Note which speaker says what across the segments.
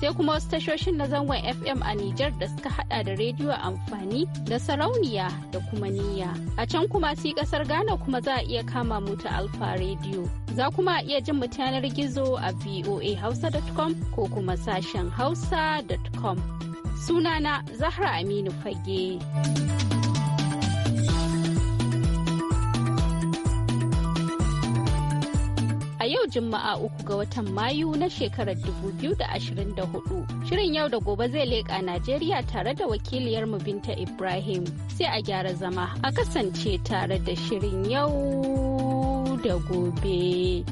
Speaker 1: sai kuma wasu tashoshin na zangon FM a Nijar da suka hada da rediyo amfani da sarauniya da kuma niyya. A can kuma si kasar Ghana kuma za a iya kama mu ta Alfa Radio. Za kuma a iya jin mu yanar gizo a voahausa.com ko kuma sashen hausa.com. Sunana Zahra Aminu Fage. a yau Juma'a uku ga watan Mayu na shekarar 2024. Shirin yau da gobe zai leƙa Najeriya tare da wakiliyar mu Binta Ibrahim. Sai a gyara zama a kasance tare da shirin yau da gobe.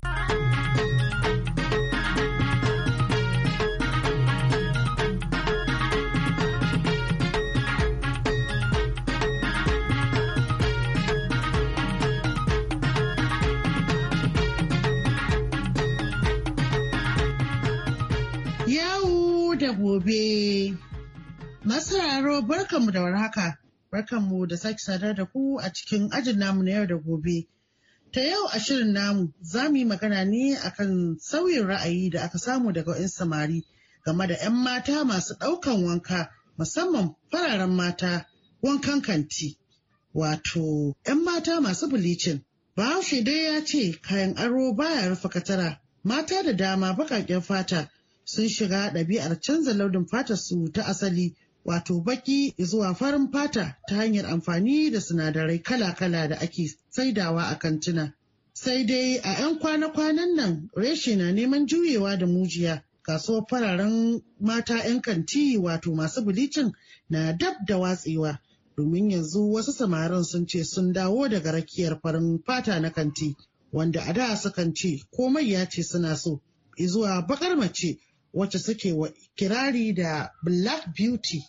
Speaker 2: sauraro barkanmu da warhaka, barkanmu da sake sadar da ku a cikin ajin namu na yau da gobe. Ta yau a shirin namu za mu yi magana ne akan sauyin ra'ayi da aka samu daga wa'in samari game da 'yan mata masu ɗaukan wanka musamman fararen mata wankan kanti. Wato, 'yan mata masu bilicin. Bahaushe dai ya ce kayan aro baya rufe katara, mata da dama baƙaƙen fata sun shiga ɗabi'ar canza launin fatar su ta asali wato baki zuwa farin fata ta hanyar amfani da sinadarai kala-kala da ake saidawa a kantina. Sai dai a 'yan kwana-kwanan nan reshe na neman juyewa da mujiya kasuwar fararen mata 'yan kanti wato masu bilicin na dab da watsewa domin yanzu wasu samarin sun ce sun dawo daga rakiyar farin fata na kanti wanda a da sukan ce komai ya ce suna so. Izuwa bakar mace wacce suke wa kirari da Black Beauty.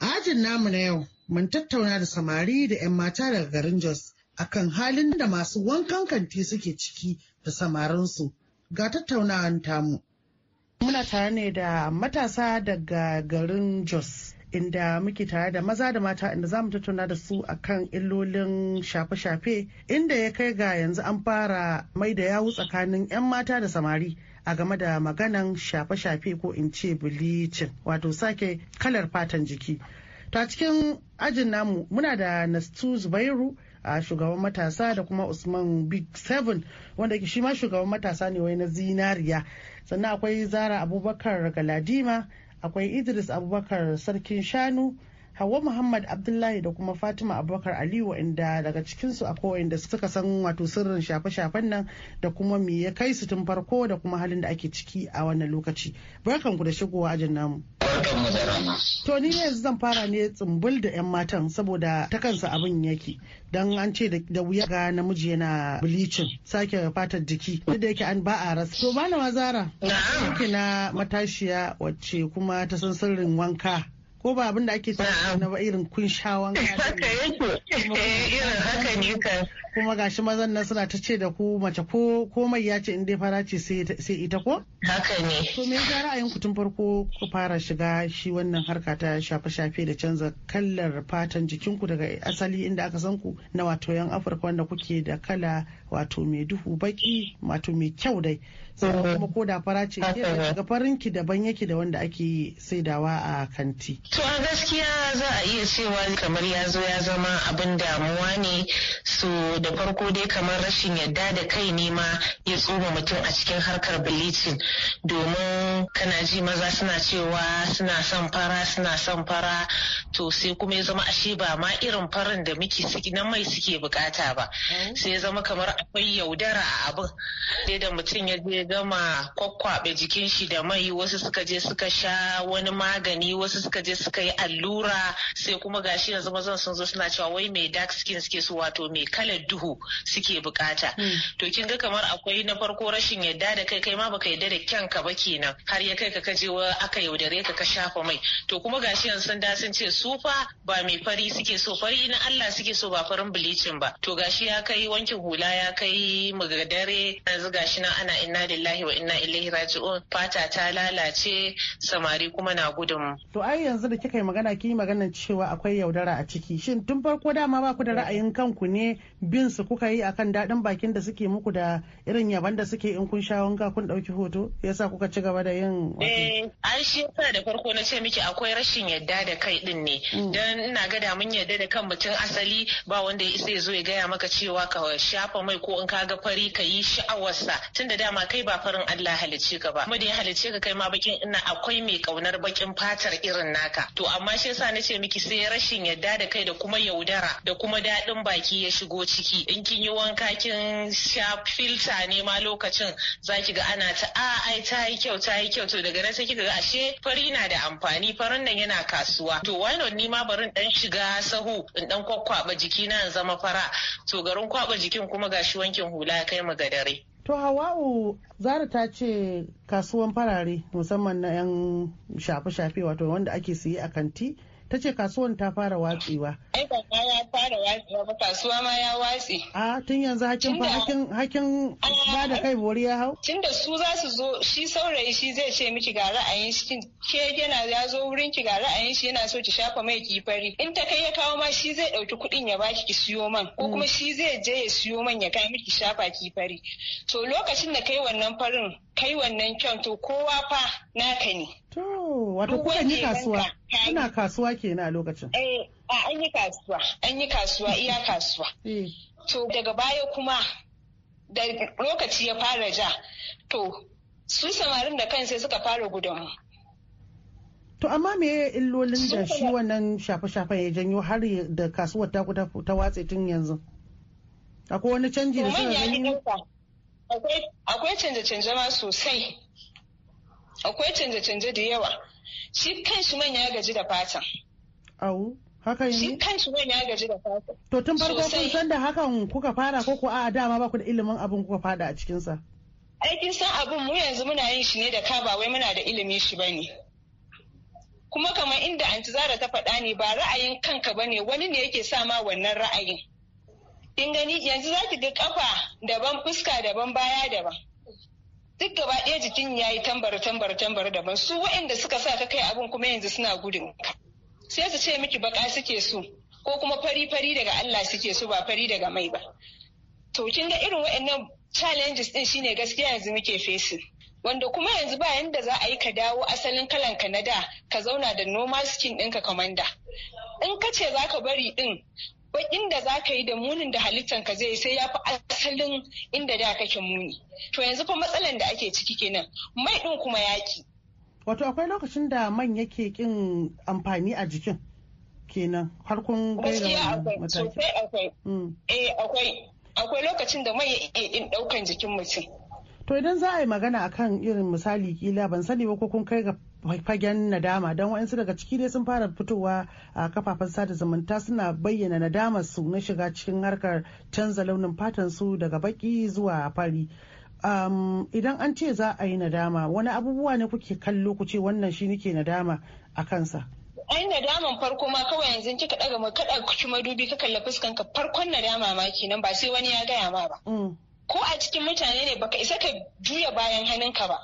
Speaker 2: Ajin namu na yau mun tattauna da samari da 'yan mata daga garin Jos akan halin da masu wankan kanti suke ciki da samarinsu ga tattaunawan tamu. Muna tare ne da matasa daga garin Jos. inda muke tare da maza da mata inda za mu tattauna da su akan illolin shafe-shafe inda ya kai ga yanzu an fara mai da yawu tsakanin 'yan mata da samari a game da maganan shafe-shafe ko in ce bilicin wato sake kalar fatan jiki ta cikin ajin namu muna da nastu zubairu a shugaban matasa da kuma usman big seven wanda shi ma shugaban matasa ne wai na zinariya sannan akwai zara abubakar galadima akwai idris abubakar sarkin shanu Hauwa Muhammad Abdullahi da kuma Fatima Abubakar Aliyu wa'inda daga cikinsu kowai da suka san wato sirrin shafe-shafen nan da kuma me ya kai su tun farko da kuma halin da ake ciki a wannan lokaci. barkanku da shigowa ajin namu. To ni ne zan fara ne tsumbul da 'yan matan saboda ta kansa abin yake. Dan an ce da wuya ga namiji yana bilicin sake fatar jiki duk da yake an ba a rasa. To malama Zara, yake na matashiya wacce kuma ta san sirrin wanka ko ba abin da ake samu na ba irin kun haka irin haka ne ka kuma gashi eh, mazan nan suna ta ce da ku mace ko komai ya ce in dai fara ce sai ita ko haka ne to me ya ra'ayin ku tun farko ku fara shiga shi wannan harka ta shafe-shafe da canza kallar fatan jikinku daga asali inda aka san ku na wato yan afirka wanda kuke da kala wato mai duhu baki wato mai kyau dai kuma ko da fara ce ke farin ki daban yake da wanda ake saidawa a kanti.
Speaker 3: To a gaskiya za a iya
Speaker 4: cewa kamar ya zo ya zama abin damuwa ne so da farko dai kamar rashin yadda da kai ne ma ya tsoma mutum a cikin harkar bilicin domin kana ji maza suna cewa suna son fara suna son fara to sai kuma ya zama ashe ba ma irin farin da muke na mai suke bukata ba sai ya zama kamar akwai yaudara a abin sai da mutum ya je gama kwakwabe jikin shi da mai wasu suka je suka sha wani magani wasu suka je suka yi allura sai kuma gashi yanzu mazan sun zo suna cewa wai mai dark skin suke su wato mai kalar duhu suke bukata hmm. to kin ga kamar akwai na farko rashin yadda da kai kai ma baka yadda da kyanka ba kenan har ya kai ka kaje wa aka yaudare ka ka shafa mai to kuma gashi yanzu sun da sun ce su fa ba mai fari suke so fari na Allah suke so ba farin bleaching ba to gashi ya kai wankin hula ya kai magadare yanzu gashi nan ana ina da lillahi wa inna ilaihi raji'un fata ta lalace samari kuma na gudun
Speaker 2: to ai yanzu da kika yi magana kin yi magana cewa akwai yaudara a ciki shin tun farko dama ba ku da ra'ayin kanku ne bin su kuka yi akan daɗin bakin da suke muku da irin yaban da suke in kun sha wanka kun ɗauki hoto yasa kuka ci gaba da yin eh
Speaker 4: ai shi yasa da farko na ce miki akwai rashin yadda da kai din ne mm. dan ina ga da mun yadda da kan mutum asali ba wanda ya isa ya zo ya gaya maka cewa ka shafa mai ko in ka ga fari ka yi sha'awarsa tunda dama kai kai ba farin Allah halicce ka ba kuma da ya halicce ka kai ma bakin ina akwai mai kaunar bakin fatar irin naka to amma shi yasa ce miki sai rashin yadda da kai da kuma yaudara da kuma daɗin baki ya shigo ciki in kin yi wanka kin sha filta ne ma lokacin zaki ga ana ta a ai ta yi kyau ta yi kyau to daga nan sai kika ga ashe fari na da amfani farin nan yana kasuwa to why not ni ma barin dan shiga sahu in dan kwakwaba jiki na zama fara to garin kwaba jikin kuma gashi wankin hula kai mu ga dare
Speaker 2: to hawa'u zara ta ce kasuwan farare musamman na 'yan shafe-shafe wato wanda ake siye a kanti ta ce kasuwan ta fara watsewa.
Speaker 3: Aikan ya fara watsewa ba kasuwa ma ya watse.
Speaker 2: A tun yanzu hakin fa hakin ah. ba da kai bori ya hau? Tun da
Speaker 3: su za su zo shi saurayi shi zai ce miki ga ra'ayin shi ke yana ya zo wurin ki ga ra'ayin shi yana so ki shafa mai kifari. In ta kai ya kawo ma shi zai ɗauki kuɗin ya baki ki siyo man ko kuma mm. shi zai je ya siyo man ya kai miki shafa kifari. To lokacin da kai wannan farin kai wannan kyan to kowa fa naka ne.
Speaker 2: To wato kuka yi kasuwa kuna kasuwa kenan a lokacin. Eh
Speaker 3: an yi kasuwa an yi kasuwa iya kasuwa. Eh. To daga baya kuma da lokaci ya fara ja to su samarin da kan sai suka fara gudunmu.
Speaker 2: To amma me illolin da shi wannan shafe-shafen ya janyo har da kasuwar ta ta watse tun yanzu? Akwai wani canji da suka
Speaker 3: yi. Akwai canje-canje ma sosai. Akwai canje-canje da yawa. Shi kan shi manya gaji da fatan.
Speaker 2: Awu, haka yi? Shi
Speaker 3: kan shi manya gaji da fatan. To tun farko kun san
Speaker 2: da hakan kuka fara ko ko a dama ba ku da ilimin abin kuka fada a cikinsa?
Speaker 3: Aikin san abin mu yanzu muna yin shi ne da ka ba wai muna da ilimin shi ba ne. kuma kamar inda anti zara ta faɗa ne ba ra'ayin kanka bane wani ne yake sa ma wannan ra'ayin kin gani yanzu za ki ga kafa daban fuska daban baya daban duk gaba ɗaya jikin ya yi tambar tambar tambar daban su waɗanda suka sa ka kai abin kuma yanzu suna gudun ka sai su ce miki baka suke su ko kuma fari fari daga Allah suke su ba fari daga mai ba to kin ga irin waɗannan challenges ɗin shine gaskiya yanzu muke fesi, wanda kuma yanzu ba yanda za a yi ka dawo asalin kalan ka na da ka zauna da normal skin ɗinka kamanda in ka ce za ka bari ɗin bakin da za ka yi da munin da halittan ka zai sai ya fi asalin inda da kake muni to yanzu fa matsalan da ake ciki kenan mai ɗin kuma yaƙi.
Speaker 2: wato akwai lokacin da man yake ƙin amfani a jikin kenan har kun gaira mataki mm.
Speaker 3: eh, akwai akwai lokacin da mai yake ɗin ɗaukan jikin mutum
Speaker 2: to idan za a yi magana akan irin misali kila ban sani ba ko kun kai ga fagen nadama don waɗansu daga ciki dai sun fara fitowa a kafafen sada zumunta suna bayyana nadamar su na shiga cikin harkar canza launin fatan su daga baki zuwa fari idan an ce za a yi nadama wani abubuwa ne kuke kallo ku ce wannan shi nike nadama a kansa
Speaker 3: ai nadaman farko ma kawai yanzu kika daga mu kada ku ci madubi ka kalla fuskan ka farkon nadama ma kenan ba sai wani ya gaya ma ba mm. ko a cikin mutane ne baka isa ka juya bayan hannunka ba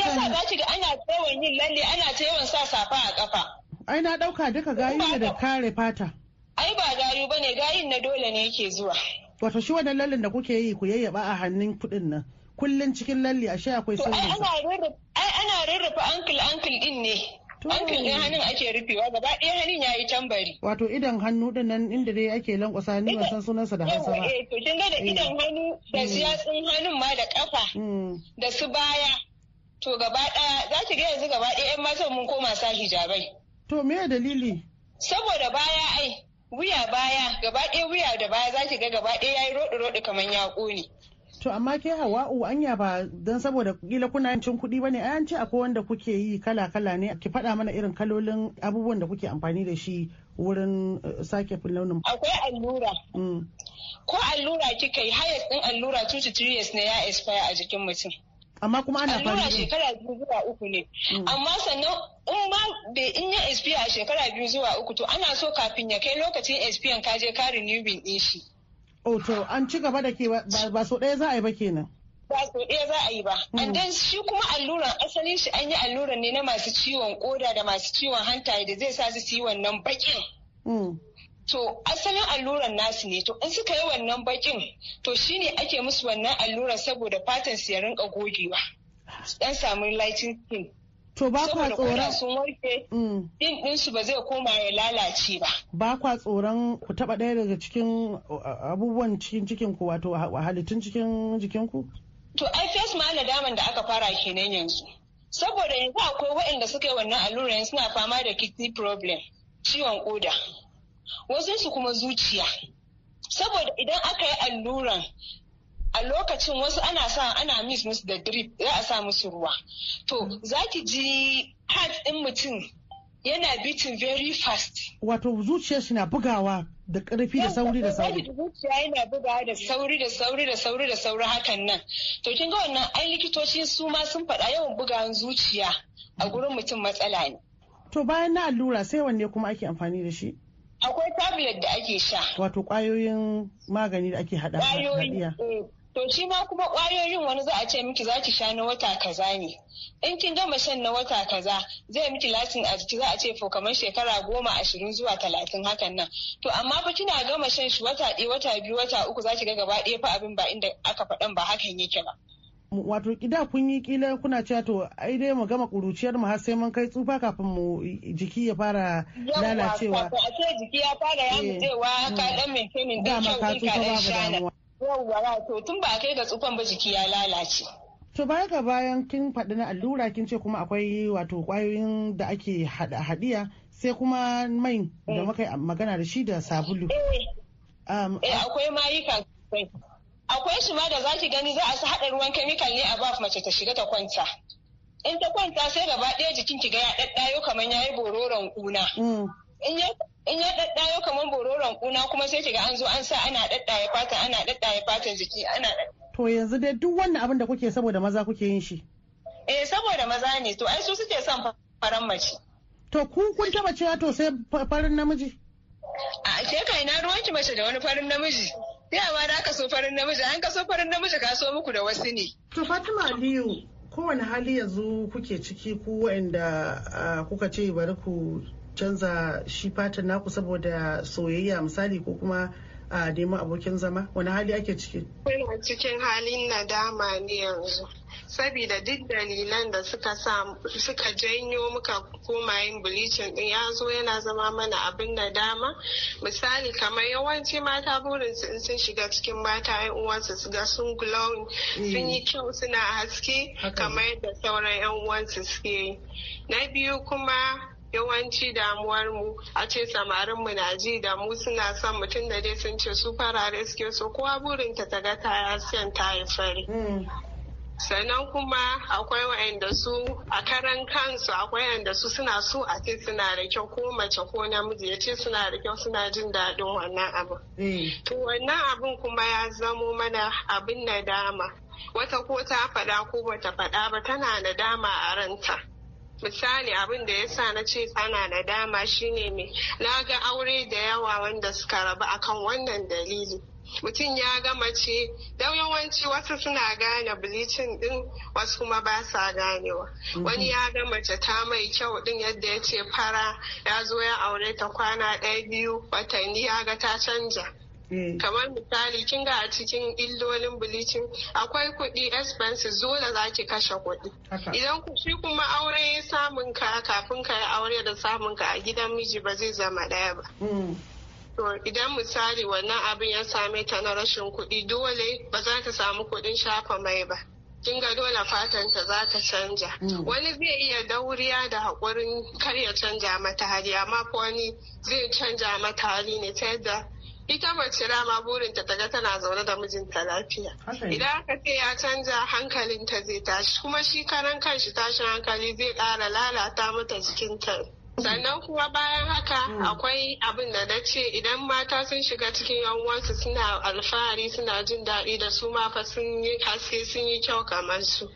Speaker 3: yasa za ki ga ana yawan yin lalle ana ta yawan sa safa a kafa.
Speaker 2: Ai na ɗauka duka gayu da kare fata.
Speaker 3: Ai ba gayu ba ne gayin na dole ne yake zuwa.
Speaker 2: Wato shi wannan lallin da kuke yi ku yayyaba a hannun kuɗin nan. Kullum cikin lalle ashe akwai sauran.
Speaker 3: Ai ana rarrafa ankil ankil din ne. Ankil ɗin hannun ake rufewa gaba ɗaya hannun ya yi tambari.
Speaker 2: Wato idan hannu ɗin nan inda dai ake lankwasa ni ban san sunansa da hausa ba. Eh to
Speaker 3: kin ga da idan eh. hannu
Speaker 2: da siyatsun
Speaker 3: hmm. hannun ma da ƙafa hmm. da su baya. To gaba ɗaya za ki ga yanzu gaba ɗaya 'yan matan mun koma sa hijabai.
Speaker 2: To me dalili?
Speaker 3: Saboda baya ai wuya baya gaba ɗaya wuya da baya za ki ga gaba ɗaya yi roɗi roɗi kamar ya ƙone.
Speaker 2: To amma ke Hawa'u anya ba don saboda kila kuna cin kuɗi ba ne an ce akwai wanda kuke yi kala kala ne ki faɗa mana irin kalolin abubuwan da kuke amfani da shi wurin eh, sake launin. Akwai allura. Mm.
Speaker 3: Ko allura kika yi Hayas ɗin allura 2 to 3 years ne ya expire a jikin mutum.
Speaker 2: amma kuma ana fari Allura
Speaker 3: shekara biyu zuwa uku ne mm. amma sannan in ba da in ya expire a shekara biyu zuwa uku to ana so kafin ya kai lokacin expire ka je ka bin din shi
Speaker 2: oh to an ci gaba da ke ba so ɗaya za a yi ba kenan
Speaker 3: ba so ɗaya za a yi ba mm. and then shi kuma alluran asalin shi an yi alluran ne na masu ciwon koda da masu ciwon hanta da zai sa su yi wannan bakin mm. to asalin alluran nasu ne to in suka yi wannan bakin to shine ake musu wannan alluran saboda fatan su ya rinka gogewa dan samu lighting skin
Speaker 2: to ba kwa tsoron sun
Speaker 3: warke din mm. din su ba zai koma ya lalace ba
Speaker 2: ba kwa tsoron ku taba daya daga cikin abubuwan cikin cikin ku wato halittun cikin jikin ku
Speaker 3: to ai face ma daman da aka fara kenan yanzu saboda yanzu akwai waɗanda suka yi wannan alluran suna fama da kidney problem ciwon koda su kuma zuciya saboda idan aka yi alluran a lokacin wasu ana sa ana mis musu da drip za a sa musu ruwa to za ki ji heart din mutum yana beating very fast
Speaker 2: wato zuciyar shi na bugawa da ƙarfi da sauri da sauri
Speaker 3: zuciya yana bugawa da sauri da sauri da sauri da sauri hakan nan to kin ga wannan ai likitoci su ma sun faɗa yawan bugawan zuciya a gurin mutum matsala ne
Speaker 2: to bayan na allura sai wanne kuma ake amfani da shi
Speaker 3: Akwai tablet da ake sha.
Speaker 2: Wato kwayoyin magani da ake haɗa. Eh,
Speaker 3: to shi ma kuma kwayoyin wani za a ce miki za ki sha na wata kaza ne. In kin gama shan na wata kaza zai miki latin a jiki za a ce fo kamar shekara goma ashirin zuwa talatin hakan nan. To amma fa kina gama shan shi wata ɗaya wata biyu wata uku za ki ga gaba ɗaya fa abin ba inda aka faɗan ba hakan yake ba.
Speaker 2: wato idan kun yi kila kuna cewa to ai dai mu gama kuruciyar mu har sai mun kai tsufa kafin mu jiki ya fara lalacewa a ce
Speaker 3: jiki ya fara yamujewa eh. hmm. ka dan maintaining kemin da ka tsufa babu damuwa yawwa to tun ba kai ga tsufan ba jiki ya lalace
Speaker 2: To baya ga bayan kin faɗi na allura kin ce kuma akwai wato kwayoyin da ake haɗiya sai kuma mai da eh. muka magana da shi da sabulu. Eh, um,
Speaker 3: eh akwai mayuka akwai su ma da ki gani za a su haɗa ruwan kemikal ne a baf mace ta shiga ta kwanta in ta kwanta sai gaba ɗaya jikin ki ga ya ɗaɗɗayo kamar ya yi bororon ƙuna mm. in ya ɗaɗɗayo kamar bororon ƙuna kuma sai ki ga an zo an sa ana ɗaɗɗaya fata ana ɗaɗɗaya fatan jiki ana
Speaker 2: to yanzu dai duk wannan abin da kuke saboda maza kuke yin shi
Speaker 3: eh saboda maza ne to ai su suke son faran mace
Speaker 2: to kun kun taba cewa to sai farin namiji
Speaker 3: a ke kai na ruwanki mace da wani farin namiji ma da ka so farin namiji, an ka so farin namiji ka so muku da wasu ne.
Speaker 2: To Fatima Aliyu, kowane hali yanzu kuke ciki ku waanda kuka ce bari ku canza shi fatan naku saboda soyayya misali ko kuma a neman abokin zama wani hali ake ciki
Speaker 5: ina
Speaker 6: cikin halin nadama ne yanzu sabida duk dalilan da suka suka janyo muka koma yin bleaching din ya zo yana zama mana abin nadama misali kamar yawanci mata burin su sun shiga cikin mata yan uwansu su ga sun glowing sun yi mm. kyau suna haske kamar da sauran yan uwansu suke na biyu kuma yawanci damuwar mu a ce samarin mu na ji da mu suna son mutum da dai sun ce su farare suke so kowa burin ta ga ta san ta yi fari hmm. sannan kuma akwai wa'anda su a karan kansu akwai wa'anda su suna so a ce suna da kyau ko mace ko namiji ya ce suna da kyau suna jin daɗin wannan abin. Hmm. To wannan abin kuma ya zamo mana abin nadama. Wata ko ta faɗa ko bata faɗa ba tana nadama a ranta. misali abin da ya sa na ce ana nadama shine ne na ga aure da yawa wanda suka rabu akan wannan dalili mutum ya ga mace don yawanci wasu suna gane bilicin din wasu kuma ba sa ganewa mhm. wani ya ga mace ta mai kyau din yadda ya ce fara ya zo ya aure ta kwana ɗaya biyu watanni ya ga ta canja Mm. kamar misali kin ga a cikin illolin bilicin akwai kuɗi expenses zola za ki kashe kuɗi idan ku shi kuma aure samun ka kafin ka yi aure da samun ka a gidan miji ba zai zama ɗaya ba mm. to idan misali wannan abin ya same ta na rashin kuɗi dole ba za ta samu kuɗin shafa mai ba kin ga dole ta za ta canja mm. wani zai iya dauriya da haƙurin kar ya canja mata hali amma wani zai canja mata hali ne ta yadda ita mace dama burinta ta ga tana zaune da mijinta lafiya idan aka ce ya canza hankalin ta zai tashi kuma shi karan kanshi tashin hankali zai ƙara lalata mata jikinta sannan kuma bayan haka hmm. akwai abin da na ce idan mata sun shiga cikin yawansu suna alfahari suna jin daɗi da su ma fa sun yi haske sun yi kyau kamar su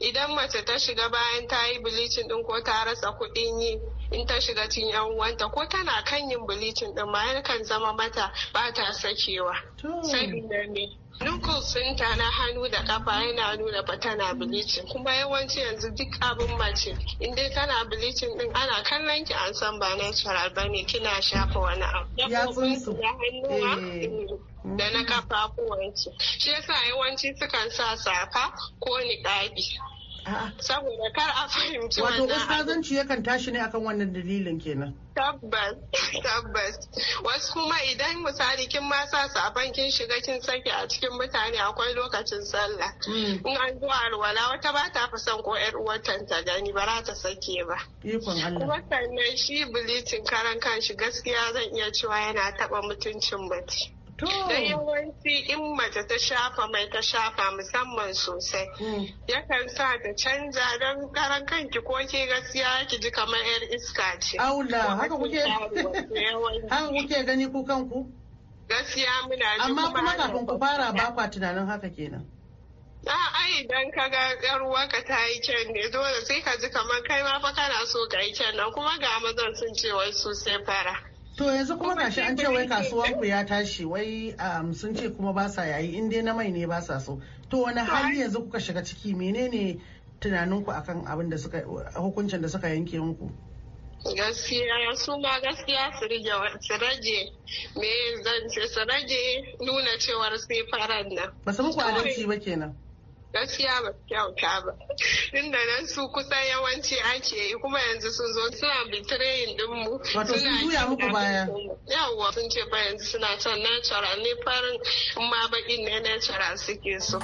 Speaker 6: idan mace ta shiga bayan ta yi bilicin ɗin ko ta rasa kuɗin yi in ta shiga cikin yan uwanta ko tana kan yin bilicin din ma kan zama mata ba ta sakewa sabida ne. Nukus ɗinta na hannu da kafa yana nuna ba tana bilicin kuma yawanci yanzu duk abin mace in dai tana bilicin din ana kallon ki an san ba natural ba ne kina shafa wani abu.
Speaker 2: Ya tsunsu.
Speaker 6: Ya hannuwa. Eh. Da na kafafuwanki. Shi yasa yawanci sukan sa safa ko niƙabi. saboda kar a fahimci wato ustazanci
Speaker 2: yakan tashi ne akan wannan dalilin kenan
Speaker 6: tabbas tabbas wasu kuma idan misali kin ma sa a kin shiga kin sake a cikin mutane akwai lokacin sallah hmm. in an zo alwala wata ba ta fi son ko yar uwarta ta gani ba za ta sake ba
Speaker 2: kuma
Speaker 6: sannan shi bilicin karan kanshi gaskiya zan iya cewa yana taɓa mutuncin mace Don yawanci in mace ta shafa mai ta shafa musamman sosai. Hmm. Yakan sa ta canja don karan kanki ko ke gaskiya ki ji kamar 'yar iska ce. Aula haka kuke haka kuke
Speaker 2: gani ku kanku?
Speaker 6: Gaskiya muna ji Amma kuma kafin ku fara ba
Speaker 2: kwa tunanin haka kenan.
Speaker 6: a ai idan ka ga yar uwarka ta yi kyan ne dole sai ka ji kamar kai ma fa kana so ka yi kyan nan kuma ga mazan sun ce wai su sai fara.
Speaker 2: To yanzu kuma gashi an ce wai kasuwan ku ya tashi wai um, sun ce kuma ba sa yayi in dai na mai ne ba sa so. To wani hali yanzu kuka shiga ciki menene tunaninku akan abin da suka hukuncin da suka yanke muku?
Speaker 6: gaskiya su ma gaskiya su rage me zan su rage nuna cewar sai faran nan.
Speaker 2: Ba su muku adalci ba kenan.
Speaker 6: gaskiya ba kyauta ba inda nan su kusan yawanci ake yi kuma yanzu sun zo suna bitirayin dinmu wato sun juya muku baya yawwa sun ce ba yanzu suna son natural ne farin ma baƙin ne natural
Speaker 5: suke so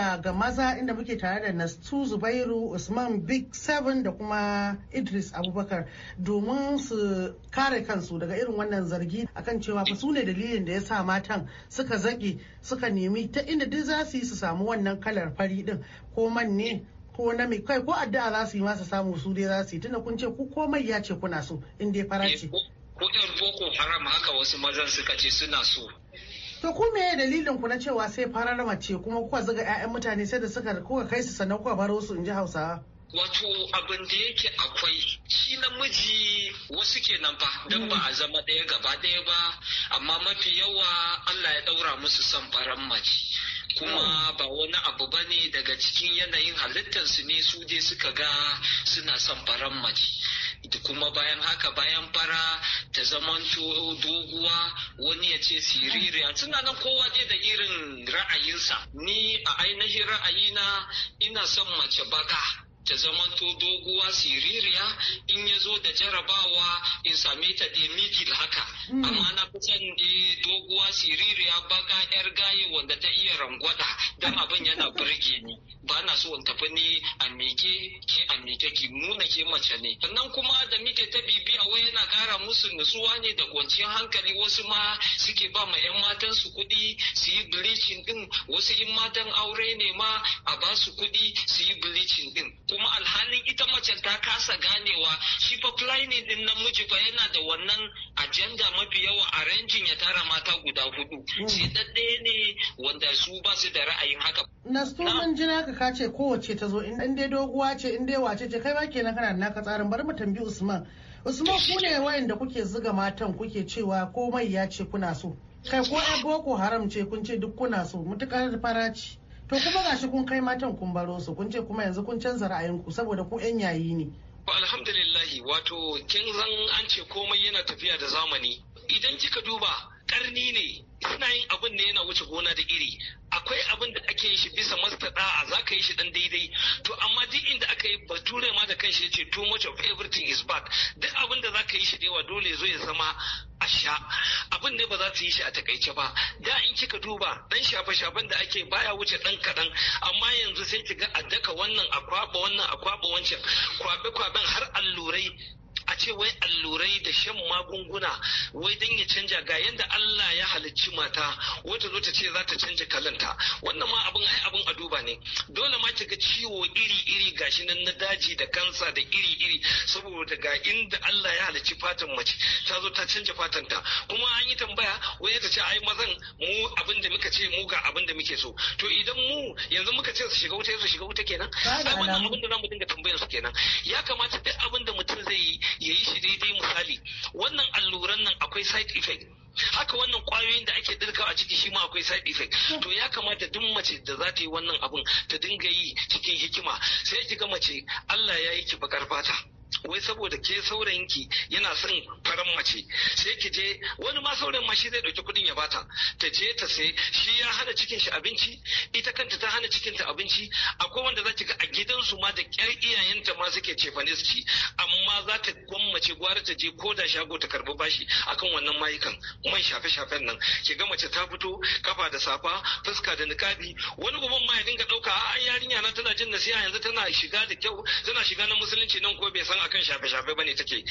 Speaker 2: da ga maza inda muke tare da Nastu Zubairu Usman Big Seven da kuma Idris Abubakar domin su kare kansu daga irin wannan zargi akan cewa fa su ne dalilin da ya sa matan suka zagi suka nemi ta inda duk za su yi su samu wannan kalar fari din ko man ne ko na mai kai ko addu'a za su yi masa samu su dai za su yi tunda kun ce ku komai ya ce kuna so in dai fara ce. Eh,
Speaker 5: Kudin boko haram haka
Speaker 7: wasu mazan suka ce suna so
Speaker 2: To ku me dalilin ku na cewa sai farar mace kuma kuka zuga 'ya'yan mutane sai da suka kuka kai su sannan kuka baro su in ji Hausawa.
Speaker 7: wato abin da yake akwai shi namiji wasu kenan ba don ba a zama ɗaya gaba ɗaya ba amma mafi yawa Allah ya ɗaura musu son baran mace kuma ba wani abu bane daga cikin yanayin halittarsu ne su je suka ga suna son baran mace kuma bayan haka bayan fara ta zaman doguwa wani ya ce siririya suna nan kowa dai da irin ra'ayinsa ni a ainihin ra'ayina ina son mace baka ta zama to doguwa siririya in ya zo da jarabawa in same ta da haka hmm. amma na fi da doguwa siririya baka yar gaye wanda ta iya rangwada don abin yana burge ni ba na so in tafi ni a mike ke a mike ki nuna ke mace ne sannan kuma da muke ta bibiya wai yana kara musu nutsuwa ne da kwanciyar hankali wasu ma suke ba ma yan matan su kuɗi su yi bleaching din wasu in matan aure ne ma a ba su kuɗi su yi bleaching din kuma alhalin ita mace ta kasa ganewa shi fa planning din namiji fa yana da wannan ajanda mafi yawa a ranjin ya tara mata guda hudu hmm. sai dadde ne wanda su ba su da ra'ayin
Speaker 2: haka na su mun ka ce kowace ta zo in dai doguwa ce in dai wace ce kai ba kenan kana naka tsarin bari mu tambi Usman Usman ku ne wayanda kuke zuga matan kuke cewa komai ya ce kuna so kai ko ai boko haram ce kun ce duk kuna so mutukar faraci To kuma gashi kun kai matan kun baro su kun ce kuma yanzu kun canza ra'ayinku saboda ku 'yan yayi ne.
Speaker 8: Alhamdulillahi wato kin zan an ce komai yana tafiya da zamani. Idan kika duba karni ne suna yin abin ne yana wuce gona da iri akwai abin da ake yi shi bisa masta da'a za ka yi shi dan daidai to amma duk inda aka yi bature ma da kanshi ya ce too much of everything is bad duk abin da za ka yi shi da dole zo ya zama a sha abin ne ba za su yi shi a takaice ba da in kika duba dan shafe-shafen da ake baya wuce dan kaɗan amma yanzu sai ki ga a daka wannan a kwaba wannan a kwaba wancan kwabe-kwaben har allurai ce wai allurai da shan magunguna wai don ya canja ga yadda Allah ya halicci mata wata zuta ce za ta canja kalanta wannan ma abin ai abin a duba ne dole ma kika ciwo iri iri gashi nan na daji da kansa da iri iri saboda ga inda Allah ya halicci fatan mace ta zo ta canja fatan ta kuma an yi tambaya wai ta ce ai mazan mu abin da muka ce mu ga abin da muke so to idan mu yanzu muka ce su shiga wuta su shiga wuta kenan ai wannan abin da zamu dinga tambayar su kenan ya kamata duk abin da mutum zai yi ya yi shi daidai misali wannan alluran nan akwai side effect haka wannan kwayoyin da ake dirka a ciki shi ma akwai side effect to ya kamata duk mace da za ta yi wannan abun ta dinga yi cikin hikima sai ki ga mace Allah ya yi ki bakar fata wai saboda ke saurayinki yana son faran mace sai ki je wani ma saurayin ma shi zai dauki kudin ya bata ta je ta sai shi ya hana cikin shi abinci ita kanta ta hana cikin ta abinci akwai wanda za ki ga a gidansu ma da kyar iyayenta ma suke cefane su ci amma za ta gwammace gwara ta je ko da shago ta karbi bashi akan wannan mayukan man shafe shafen nan ki ga mace ta fito kafa da safa fuska da nikabi wani guban ma ya dinga dauka a yarinya na tana jin nasiha yanzu tana shiga da kyau tana shiga na musulunci nan ko bai san akan shafe-shafe bane take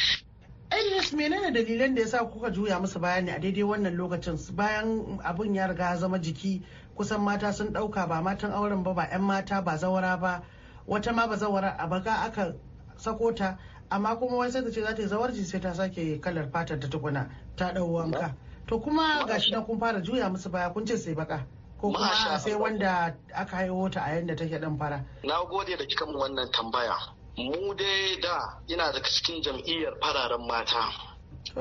Speaker 2: Elias menene dalilan da ya sa kuka juya musu bayani a daidai wannan lokacin bayan abun ya riga zama jiki kusan mata sun dauka ba matan auren ba ba 'yan mata ba zawara ba wata ma ba zawara a baka aka sako ta amma kuma wani sai ta ce za ta yi zawarci sai ta sake kalar fatar ta tukuna ta dau wanka to kuma gashi na kun fara juya musu baya kun ce sai baka ko kuma sai wanda aka haihu ta a yanda take dan fara
Speaker 9: na gode da kika mu wannan tambaya mu dai da ina daga cikin jam'iyyar fararen mata ah.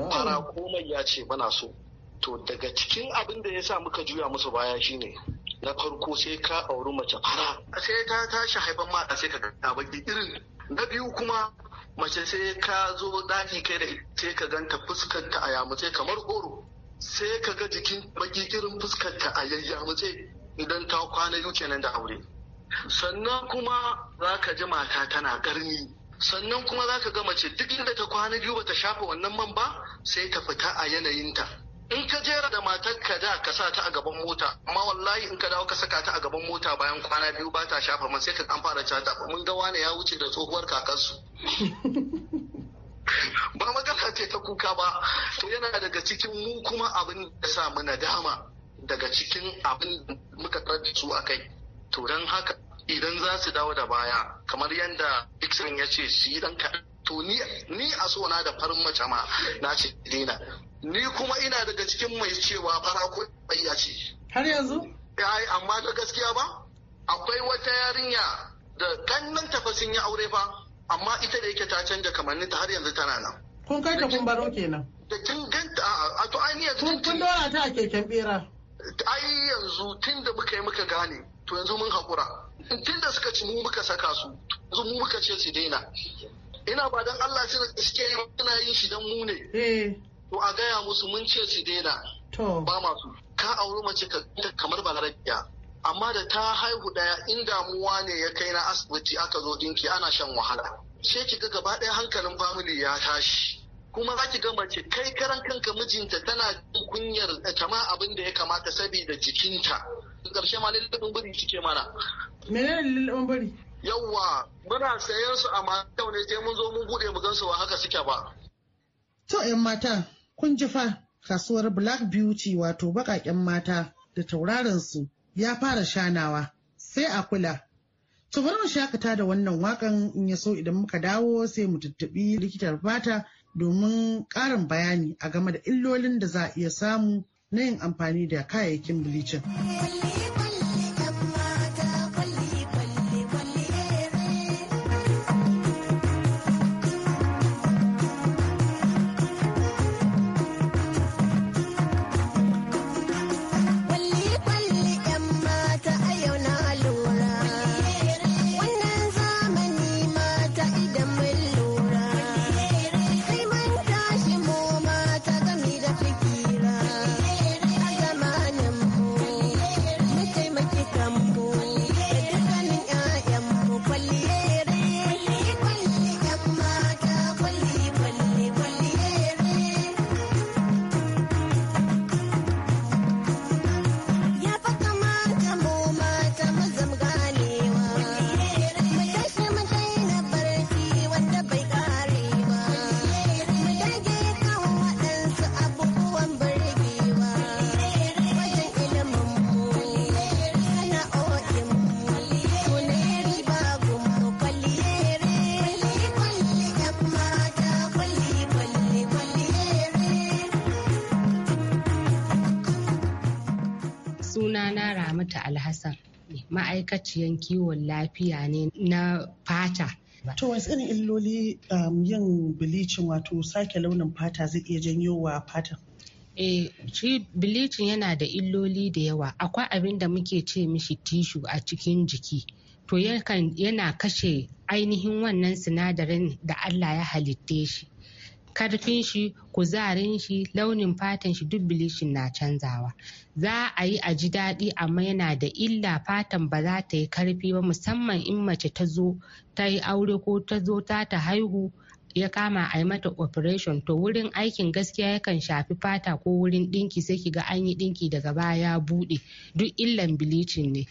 Speaker 9: fara komai ya ce bana so to daga cikin abin da ya sa muka juya musu baya shine na farko sai ka auri mace fara sai ta tashi haifan mata sai ka ga baki irin na biyu kuma mace sai ka zo daki kai da sai ka ganta fuskar ta a yamutse kamar goro sai ka ga jikin baki irin fuskar ta a yayyamutse idan ta kwana yau kenan da aure sannan kuma za ka ji mata tana garni sannan kuma za ka ga mace duk inda ta kwana biyu ba ta shafa wannan man ba sai ta fita a yanayinta in ka jera da matar ka da ka sa ta a gaban mota amma wallahi in ka dawo ka saka ta a gaban mota bayan kwana biyu ba ta shafa man sai ka an fara cata mun ga wani ya wuce da tsohuwar kakansu. ba magana ce ta kuka ba to yana daga cikin mu kuma abin da sa mu nadama daga cikin abin muka tsarki su a kai to don haka idan za su dawo da baya kamar yadda dixon ya ce shi yi dan ka to ni a so na da farin mace ma na ce dina ni kuma ina daga cikin mai cewa fara ko ya ce har yanzu ai amma da gaskiya ba akwai wata yarinya da kannan tafa sun aure fa amma ita da yake ta canja kamanni ta har yanzu tana nan
Speaker 2: kun kai ta kun baro kenan
Speaker 9: da kin ganta a to ai
Speaker 2: yanzu kun dora ta a keken bera
Speaker 9: ai yanzu tun da muka yi muka gane to yanzu mun haƙura tun da suka ci mu muka saka su yanzu mu muka ce su daina ina ba don Allah suke suna yin shi don mu ne eh. to a gaya musu mun ce su daina ba masu ka auri mace kamar balarabiya amma da ta haihu daya in damuwa ne ya kai na asibiti aka zo dinki ana shan wahala sai kiga gaba ɗaya hankalin famili ya tashi kuma za ki ga mace kai karan kanka mijinta tana jin kunyar ta eh, abin da ya kamata saboda jikinta karshe ma lulluɓin bari suke mana
Speaker 2: menene lulluɓin bari? yawwa
Speaker 9: muna sayan su a mata ne sai mun zo mun bude mu gansu ba haka suke ba
Speaker 2: to yan mata kun ji fa kasuwar black beauty wato baƙaƙen mata da tauraron su ya fara shanawa sai a kula to bari mu shakata da wannan wakan in ya so idan muka dawo sai mu tattabi likitar fata domin ƙarin bayani a game da illolin da za a iya samu na yin amfani da kayayyakin bilicin. Hassan ma'aikaciyan kiwon lafiya ne na fata. To wasu irin illoli um, yin bilicin wato sake launin fata zai iya janyo wa fata? Eh,
Speaker 10: bilicin yana da illoli da yawa. Akwai abin da muke ce mishi tishu a cikin jiki. To yana kashe ainihin wannan sinadarin da Allah ya halitte shi. karfin shi kuzarin shi launin fatan shi duk bilishin na canzawa za a yi a ji daɗi amma yana da illa fatan ba za ta yi karfi ba musamman in mace ta zo ta yi aure ko ta zo ta ta haihu ya kama a yi mata operation to wurin aikin gaskiya yakan shafi fata ko wurin ɗinki sai ki ga an yi ɗinki daga baya ya buɗe duk illan bilicin ne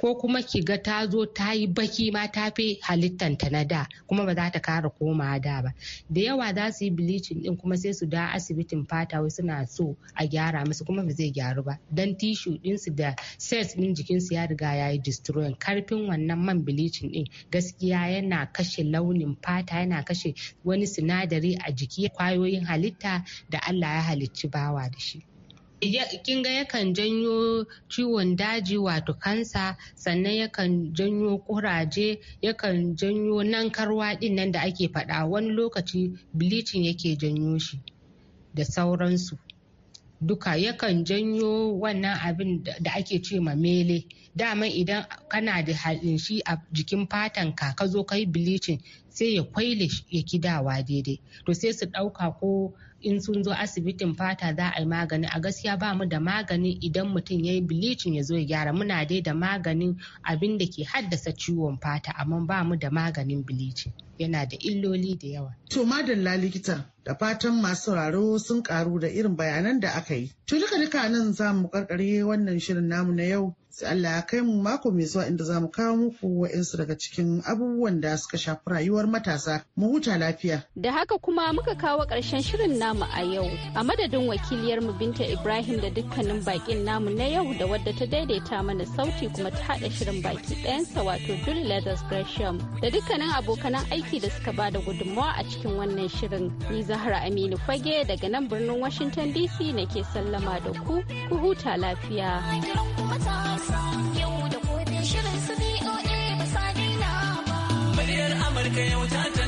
Speaker 10: ko kuma ki ga ta zo ta yi baki ma ta fi halittanta na da kuma ba za ta kara koma da ba da yawa za su yi bleaching din kuma sai su da asibitin fata wai suna so a gyara musu kuma ba zai gyaru ba dan tishu ɗinsu da cells ɗin jikinsu ya riga ya yi destroy karfin wannan man bleaching din gaskiya yana kashe launin fata yana kashe wani sinadari a jiki kwayoyin halitta da Allah ya halicci bawa da shi. kin ga yakan janyo ciwon daji wato kansa sannan yakan janyo kuraje yakan janyo nankarwa din nan da ake faɗa wani lokaci bleaching yake janyo shi da sauransu duka yakan janyo wannan abin da ake ce ma mele dama idan kana da halin shi a jikin fatan ka ka zo kai bleaching sai ya kwaile ya kidawa daidai to sai su ɗauka ko in sun zo asibitin fata za a yi magani a gaskiya ba mu da magani idan mutum ya yi bilicin ya zo ya gyara muna dai da maganin abin da ke haddasa ciwon fata amma ba mu da maganin bilicin yana da illoli da
Speaker 2: yawa. To madalla likita da fatan masu sauraro sun karu da irin bayanan da aka yi. To duka duka nan za mu karkare wannan shirin namu na yau sai Allah ya kai mu mako mai zuwa inda za mu kawo muku wa'insu daga cikin abubuwan da suka shafi rayuwar matasa mu huta lafiya.
Speaker 1: Da haka kuma muka kawo ƙarshen shirin namu a yau a madadin wakiliyar mu Binta Ibrahim da dukkanin bakin namu na yau da wadda ta daidaita mana sauti kuma ta haɗa shirin baki ɗayansa wato Julie Leathers Gresham da dukkanin abokanan aiki da suka bada gudunmawa a cikin wannan shirin. Zahra Aminu Fage daga nan birnin Washington DC nake sallama da ku, ku huta lafiya.
Speaker 5: Amurka yau ta